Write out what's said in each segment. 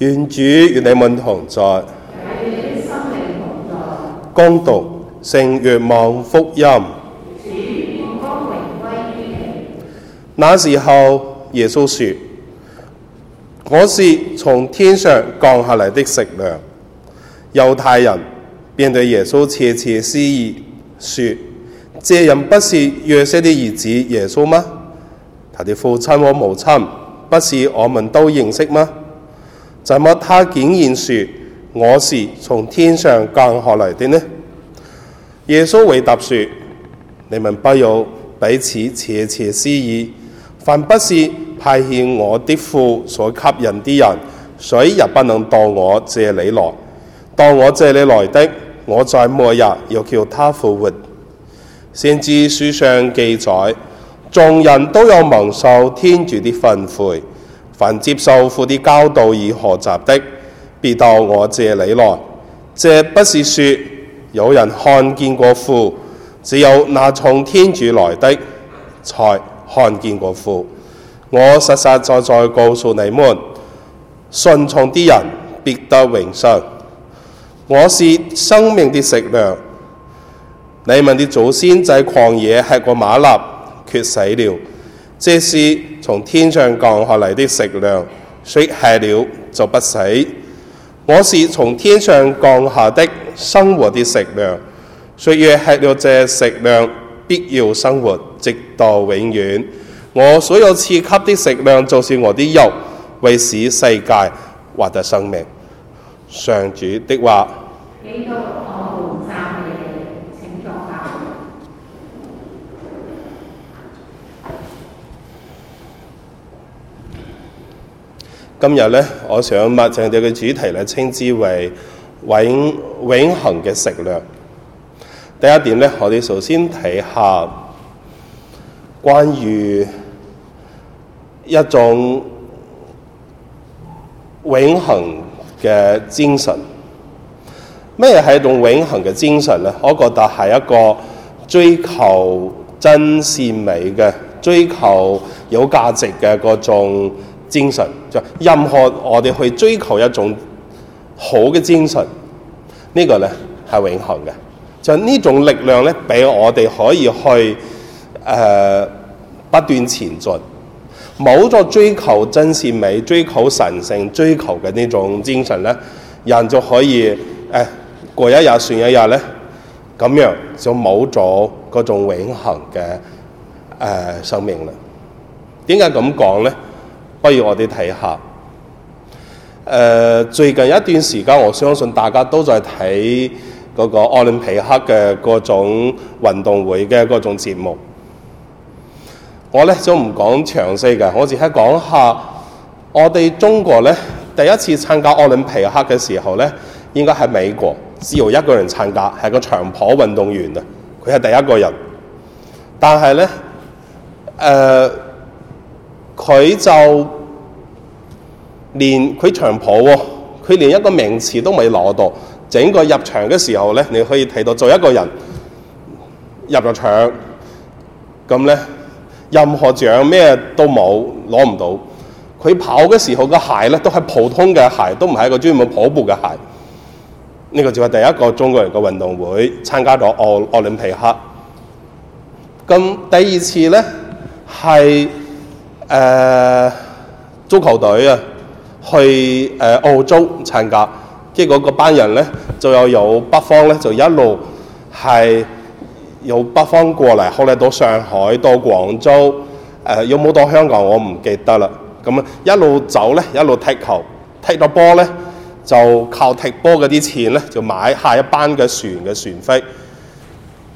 願主與你們同在。願你的心靈同在。恭讀聖若望福音。主，願光榮歸於你。那時候耶穌說：我是從天上降下來的食糧。猶太人便對耶穌竊竊私議說：這人不是約瑟的兒子耶穌嗎？他的父親和母親不是我們都認識嗎？怎麼他竟然說我是從天上降下來的呢？耶穌回答說：你們不要彼此竊竊私議，凡不是派遣我的父所吸引的人，誰也不能到我這裏來。到我這裏來的，我在末日又叫他復活。先知書上記載，眾人都有蒙受天主的吩悔。」凡接受父的教導而學習的，必到我這裏來。這不是說有人看見過父，只有那從天主來的才看見過父。我實實在在告訴你們，信從的人必得永生。我是生命的食糧。你們的祖先在曠野吃過瑪納，却死了。這是。從天上降下嚟的食糧，誰吃了就不死。我是從天上降下的生活的食糧，誰若吃了這食糧，必要生活直到永遠。我所有賜給的食糧，就是我的肉，為使世界獲得生命。上主的話。今日咧，我想物淨哋嘅主題咧，稱之為永永恆嘅食量。第一點咧，我哋首先睇下關於一種永恆嘅精神。咩係一種永恆嘅精神咧？我覺得係一個追求真善美嘅，追求有價值嘅嗰種。精神就任何我哋去追求一種好嘅精神，這個、呢個咧係永恆嘅。就呢種力量咧，俾我哋可以去誒、呃、不斷前進。冇咗追求真善美、追求神聖、追求嘅呢種精神咧，人就可以誒、哎、過一日算一日咧。咁樣就冇咗嗰種永恆嘅誒生命啦。點解咁講咧？不如我哋睇下，誒、呃、最近一段時間，我相信大家都在睇嗰個奧林匹克嘅各種運動會嘅各種節目。我咧就唔講詳細嘅，我只係講下我哋中國咧第一次參加奧林匹克嘅時候咧，應該喺美國，只有一個人參加，係個長跑運動員啊，佢係第一個人。但係咧，誒、呃。佢就連佢長跑喎、哦，佢連一個名次都未攞到。整個入場嘅時候咧，你可以睇到做一個人入咗場，咁咧任何獎咩都冇攞唔到。佢跑嘅時候嘅鞋咧，都係普通嘅鞋，都唔係一個專門跑步嘅鞋。呢、呢個就係第一個中國人嘅運動會參加咗奧奧林匹克。咁第二次咧係。是誒、uh, 足球隊啊，去誒、uh, 澳洲參加，結果嗰班人咧，就又由北方咧，就一路係由北方過嚟，後嚟到上海，到廣州，誒、呃、有冇到香港我唔記得啦。咁啊一路走咧，一路踢球，踢到波咧，就靠踢波嗰啲錢咧，就買下一班嘅船嘅船飛。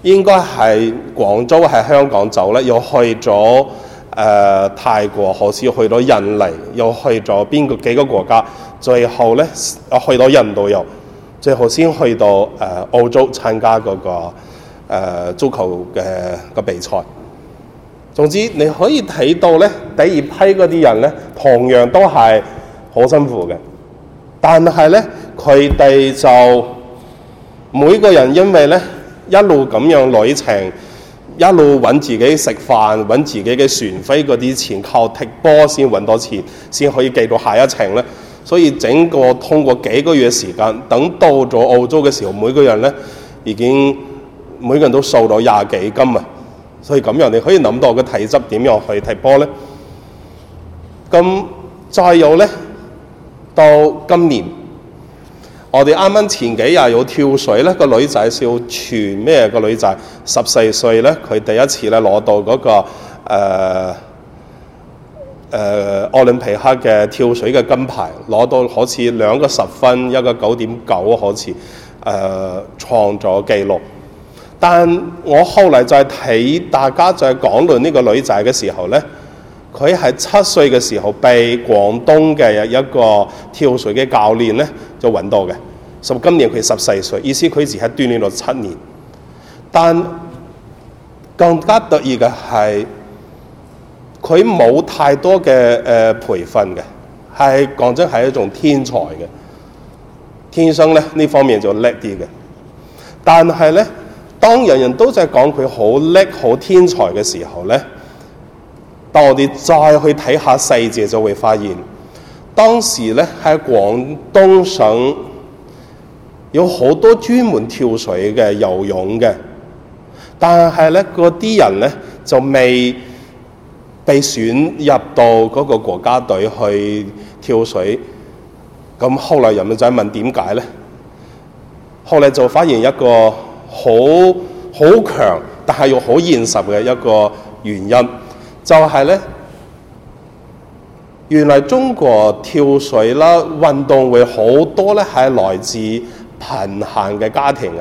應該係廣州喺香港走咧，又去咗。誒、呃、泰國，好似去到印尼，又去咗邊個幾個國家，最後咧，我去到印度又，最後先去到誒、呃、澳洲參加嗰、那個、呃、足球嘅個比賽。總之你可以睇到咧，第二批嗰啲人咧，同樣都係好辛苦嘅，但係咧，佢哋就每個人因為咧一路咁樣旅程。一路揾自己食飯，揾自己嘅船飛嗰啲錢，靠踢波先揾到錢，先可以計到下一程咧。所以整個通過幾個月時間，等到咗澳洲嘅時候，每個人咧已經每個人都瘦咗廿幾斤啊。所以咁樣你可以諗到個體質點樣去踢波咧。咁再有咧，到今年。我哋啱啱前幾日有跳水咧，個女仔叫全咩？個女仔十四歲咧，佢第一次咧攞到嗰個誒誒奧林匹克嘅跳水嘅金牌，攞到好似兩個十分，一個九點九，好似誒創咗記錄。但我後嚟再睇大家再講論呢個女仔嘅時候咧，佢喺七歲嘅時候被廣東嘅一個跳水嘅教練咧。就揾到嘅，所以今年佢十四歲，意思佢只係鍛煉咗七年。但更加得意嘅係，佢冇太多嘅誒、呃、培訓嘅，係講真係一種天才嘅，天生咧呢這方面就叻啲嘅。但係咧，當人人都在講佢好叻、好天才嘅時候咧，當我哋再去睇下細節，就會發現。當時咧喺廣東省有好多專門跳水嘅、游泳嘅，但係咧嗰啲人咧就未被選入到嗰個國家隊去跳水。咁後來人民仔問點解咧？後嚟就發現一個好好強，但係又好現實嘅一個原因，就係、是、咧。原來中國跳水啦，運動會好多咧，係來自貧寒嘅家庭啊。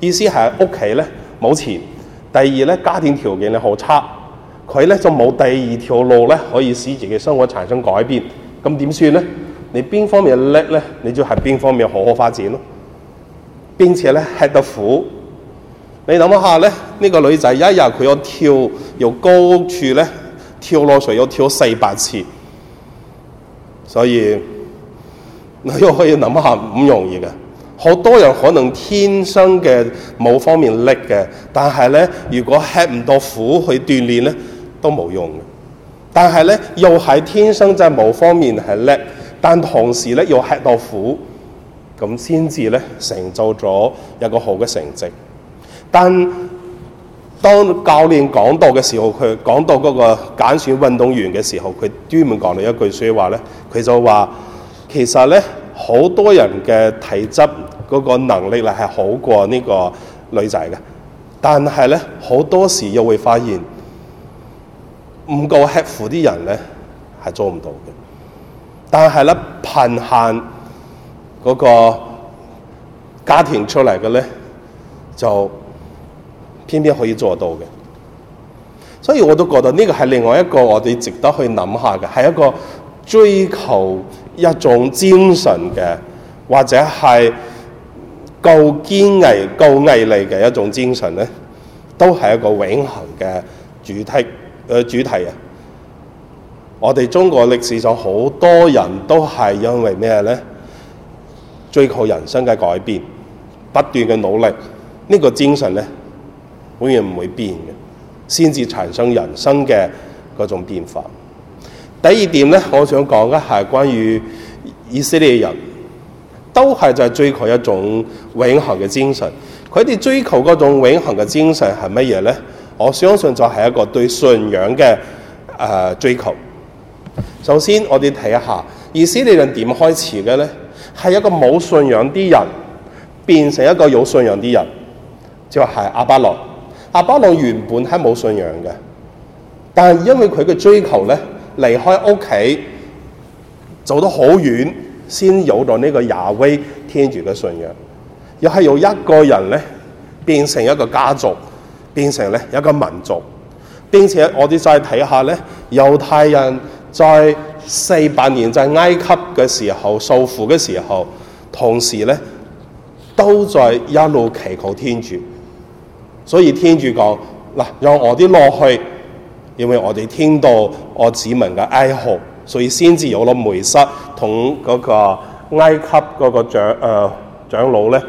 意思係屋企咧冇錢，第二咧家庭條件咧好差，佢咧就冇第二條路咧可以使自己嘅生活產生改變。咁點算咧？你邊方面叻咧，你就喺邊方面好好發展咯。並且咧，吃得苦，你諗下咧，呢個女仔一日佢要跳由高處咧跳落水，要跳四百次。所以，你又可以諗下，唔容易嘅。好多人可能天生嘅某方面叻嘅，但係咧，如果吃唔到苦去鍛鍊咧，都冇用嘅。但係咧，又係天生就某方面係叻，但同時咧，又吃到苦，咁先至咧成就咗一個好嘅成績。但當教練講到嘅時候，佢講到嗰個揀選運動員嘅時候，佢專門講到一句説話咧，佢就話：其實咧，好多人嘅體質嗰個能力咧係好過呢個女仔嘅，但係咧，好多時候又會發現唔夠吃苦啲人咧係做唔到嘅，但係咧，貧寒嗰個家庭出嚟嘅咧就。偏偏可以做到嘅，所以我都覺得呢個係另外一個我哋值得去諗下嘅，係一個追求一種精神嘅，或者係夠堅毅夠毅力嘅一種精神咧，都係一個永恒嘅主題、呃、主題啊！我哋中國歷史上好多人都係因為咩咧？追求人生嘅改變不斷嘅努力，呢、這個精神咧。永遠唔會變嘅，先至產生人生嘅嗰種變化。第二點咧，我想講嘅係關於以色列人，都係在追求一種永恆嘅精神。佢哋追求嗰種永恆嘅精神係乜嘢咧？我相信就係一個對信仰嘅、呃、追求。首先我們看看，我哋睇一下以色列人點開始嘅咧，係一個冇信仰啲人變成一個有信仰啲人，就係、是、阿巴羅。亞巴郎原本係冇信仰嘅，但係因為佢嘅追求咧，離開屋企，走得好遠，先有咗呢個雅威天主嘅信仰。又係由一個人咧，變成一個家族，變成咧一個民族，並且我哋再睇下咧，猶太人在四百年在埃及嘅時候，訴苦嘅時候，同時咧，都在一路祈求天主。所以天主講嗱，讓我哋落去，因為我哋聽到我子民嘅哀號，所以先至有咗梅塞同嗰個埃及嗰個長誒、呃、老咧誒、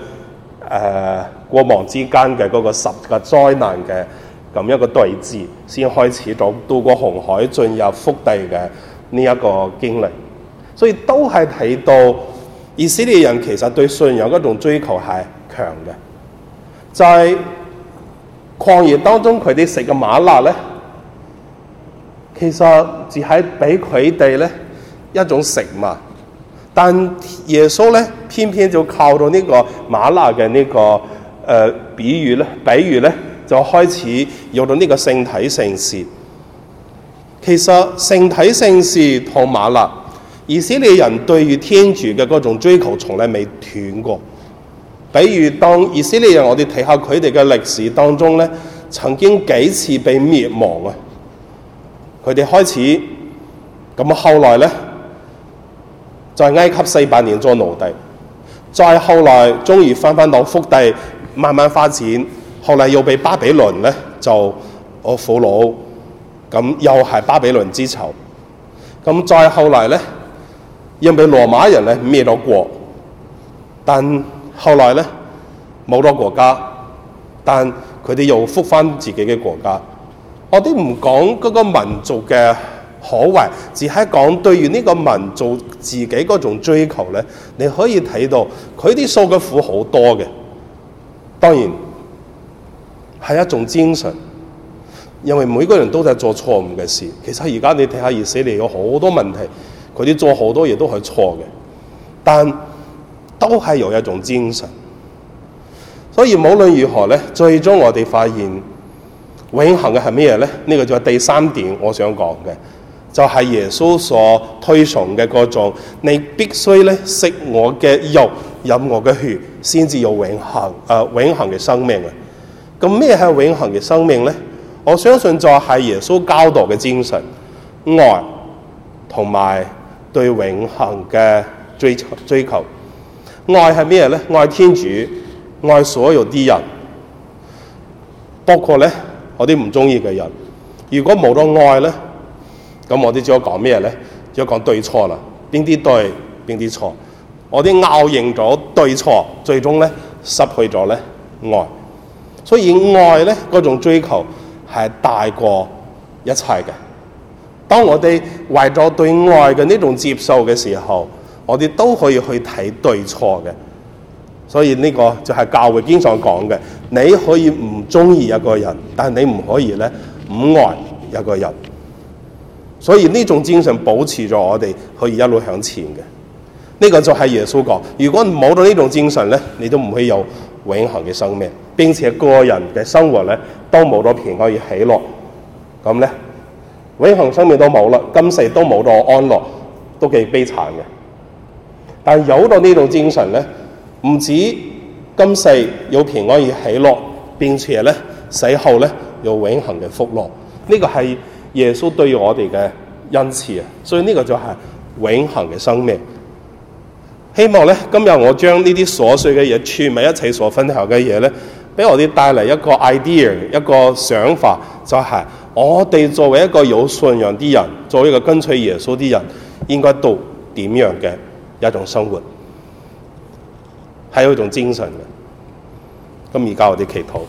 呃、過亡之間嘅嗰個十個災難嘅咁一個對峙，先開始咗渡過紅海進入福地嘅呢一個經歷。所以都係睇到以色列人其實對信仰嗰種追求係強嘅，在、就係。曠野當中佢哋食嘅馬辣咧，其實只係俾佢哋咧一種食物，但耶穌咧偏偏就靠到呢個馬辣嘅呢個誒比喻咧，比喻咧就開始用到呢個聖體聖事。其實聖體聖事同馬辣，以色列人對於天主嘅嗰種追求從來未斷過。比如當以色列人，我哋睇下佢哋嘅歷史當中咧，曾經幾次被滅亡啊！佢哋開始咁，後來咧，就係埃及四百年做奴隸，再後來終於翻翻到福地，慢慢發展。後來又被巴比倫咧，就我俘虜，咁又係巴比倫之仇。咁再後來咧，又俾羅馬人咧滅咗國，但後來咧，冇咗國家，但佢哋又復翻自己嘅國家。我哋唔講嗰個民族嘅好壞，只係講對於呢個民族自己嗰種追求咧。你可以睇到佢啲受嘅苦好多嘅。當然係一種精神，因為每個人都係做錯誤嘅事。其實而家你睇下以色列有好多問題，佢哋做好多嘢都係錯嘅，但都係有一種精神，所以無論如何咧，最終我哋發現永恆嘅係咩嘢咧？呢、這個就係第三點我想講嘅，就係、是、耶穌所推崇嘅嗰種，你必須咧食我嘅肉，飲我嘅血，先至有永恆啊、呃、永恆嘅生命啊。咁咩係永恆嘅生命咧？我相信就係耶穌教導嘅精神，愛同埋對永恆嘅追追求。愛係咩咧？愛天主，愛所有啲人，包括咧我啲唔中意嘅人。如果冇咗愛咧，咁我哋只係講咩咧？只係講對錯啦，邊啲對，邊啲錯。我哋拗認咗對錯，最終咧失去咗咧愛。所以愛咧嗰種追求係大過一切嘅。當我哋為咗對愛嘅呢種接受嘅時候，我哋都可以去睇對錯嘅，所以呢個就係教會經常講嘅。你可以唔中意一個人，但你唔可以咧唔愛一個人。所以呢種精神保持咗，我哋可以一路向前嘅。呢個就係耶穌講。如果冇咗呢種精神咧，你都唔可以有永恆嘅生命。並且個人嘅生活咧都冇咗平安與喜樂。咁咧永恆生命都冇啦，今世都冇到安樂，都幾悲慘嘅。但有到呢種精神咧，唔止今世有平安而喜樂，並且咧死後咧有永恆嘅福樂。呢個係耶穌對我哋嘅恩賜啊！所以呢個就係永恆嘅生命。希望咧今日我將呢啲瑣碎嘅嘢，串埋一齊所分享嘅嘢咧，俾我哋帶嚟一個 idea，一個想法，就係我哋作為一個有信仰啲人，作為一個跟隨耶穌啲人，應該讀點樣嘅？有一種生活，係一種精神嘅，咁而家我哋祈禱。